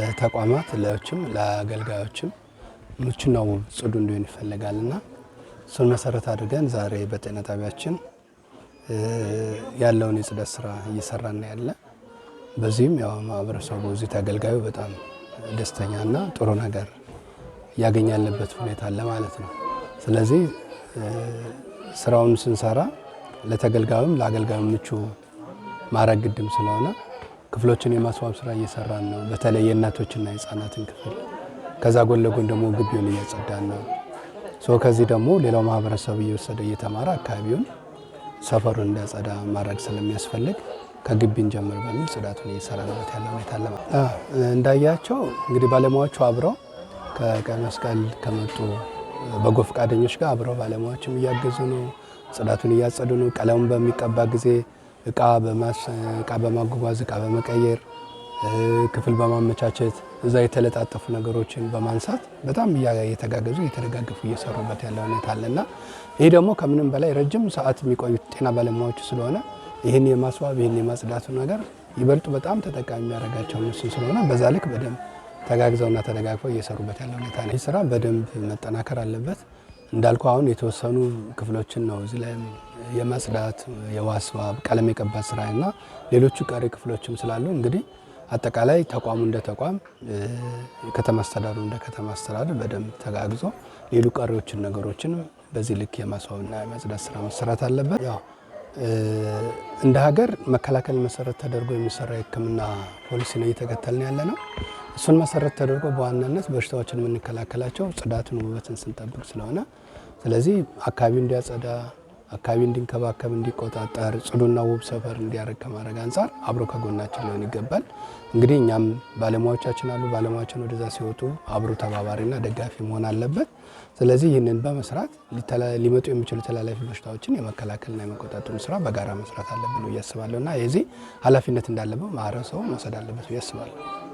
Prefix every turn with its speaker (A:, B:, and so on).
A: ለተቋማት ለዎችም ለአገልጋዮችም ምቹና ውብ ጽዱ እንዲሆን ይፈልጋልና እሱን መሰረት አድርገን ዛሬ በጤና ጣቢያችን ያለውን የጽዳት ስራ እየሰራን ያለ። በዚህም ያው ማህበረሰቡ እዚህ ተገልጋዩ በጣም ደስተኛና ጥሩ ነገር ያገኛለበት ሁኔታ አለ ማለት ነው። ስለዚህ ስራውን ስንሰራ ለተገልጋዩም ለአገልጋዩ ምቹ ማድረግ ግድም ስለሆነ ክፍሎችን የማስዋብ ስራ እየሰራን ነው። በተለይ የእናቶችና የህፃናትን ክፍል ከዛ ጎን ለጎን ደግሞ ግቢውን እያጸዳን ነው። ከዚህ ደግሞ ሌላው ማህበረሰብ እየወሰደ እየተማረ አካባቢውን ሰፈሩን እንዳጸዳ ማድረግ ስለሚያስፈልግ ከግቢን ጀምር በሚል ጽዳቱን እየሰራንበት ያለ ሁኔታ አለ። እንዳያቸው እንግዲህ ባለሙያዎቹ አብረው ከቀይ መስቀል ከመጡ በጎ ፈቃደኞች ጋር አብረው ባለሙያዎችም እያገዙ ነው። ጽዳቱን እያጸዱ ነው። ቀለሙን በሚቀባ ጊዜ እቃ እቃ በማጓጓዝ እቃ በመቀየር ክፍል በማመቻቸት እዛ የተለጣጠፉ ነገሮችን በማንሳት በጣም እየተጋገዙ እየተደጋገፉ እየሰሩበት ያለ ሁኔታ አለና ይህ ደግሞ ከምንም በላይ ረጅም ሰዓት የሚቆዩት ጤና ባለሙያዎች ስለሆነ ይህን የማስዋብ ይህን የማጽዳቱ ነገር ይበልጡ በጣም ተጠቃሚ የሚያደርጋቸው እነሱ ስለሆነ በዛ ልክ በደንብ ተጋግዘውና ተደጋግፈው እየሰሩበት ያለ ሁኔታ ነው። ይህ ስራ በደንብ መጠናከር አለበት። እንዳልኩ አሁን የተወሰኑ ክፍሎችን ነው እዚህ ላይ የማጽዳት የዋስዋብ ቀለም የቀባት ስራ እና ሌሎቹ ቀሪ ክፍሎችም ስላሉ እንግዲህ አጠቃላይ ተቋሙ እንደ ተቋም ከተማ አስተዳደሩ እንደ ከተማ አስተዳደር በደንብ ተጋግዞ ሌሉ ቀሪዎችን ነገሮችን በዚህ ልክ የማስዋብና የመጽዳት ስራ መሰራት አለበት። ያው እንደ ሀገር መከላከል መሰረት ተደርጎ የሚሰራ የሕክምና ፖሊሲ ነው እየተከተልን ያለ ነው። እሱን መሰረት ተደርጎ በዋናነት በሽታዎችን የምንከላከላቸው ጽዳትን፣ ውበትን ስንጠብቅ ስለሆነ ስለዚህ አካባቢ እንዲያጸዳ አካባቢ እንዲንከባከብ፣ እንዲቆጣጠር ጽዱና ውብ ሰፈር እንዲያደርግ ከማድረግ አንጻር አብሮ ከጎናችን ሊሆን ይገባል። እንግዲህ እኛም ባለሙያዎቻችን አሉ። ባለሙያዎችን ወደዛ ሲወጡ አብሮ ተባባሪና ደጋፊ መሆን አለበት። ስለዚህ ይህንን በመስራት ሊመጡ የሚችሉ ተላላፊ በሽታዎችን የመከላከልና የመቆጣጠሩ ስራ በጋራ መስራት አለብን ብዬ አስባለሁ እና የዚህ ኃላፊነት እንዳለበት ማህበረሰቡ መውሰድ አለበት ብዬ አስባለሁ።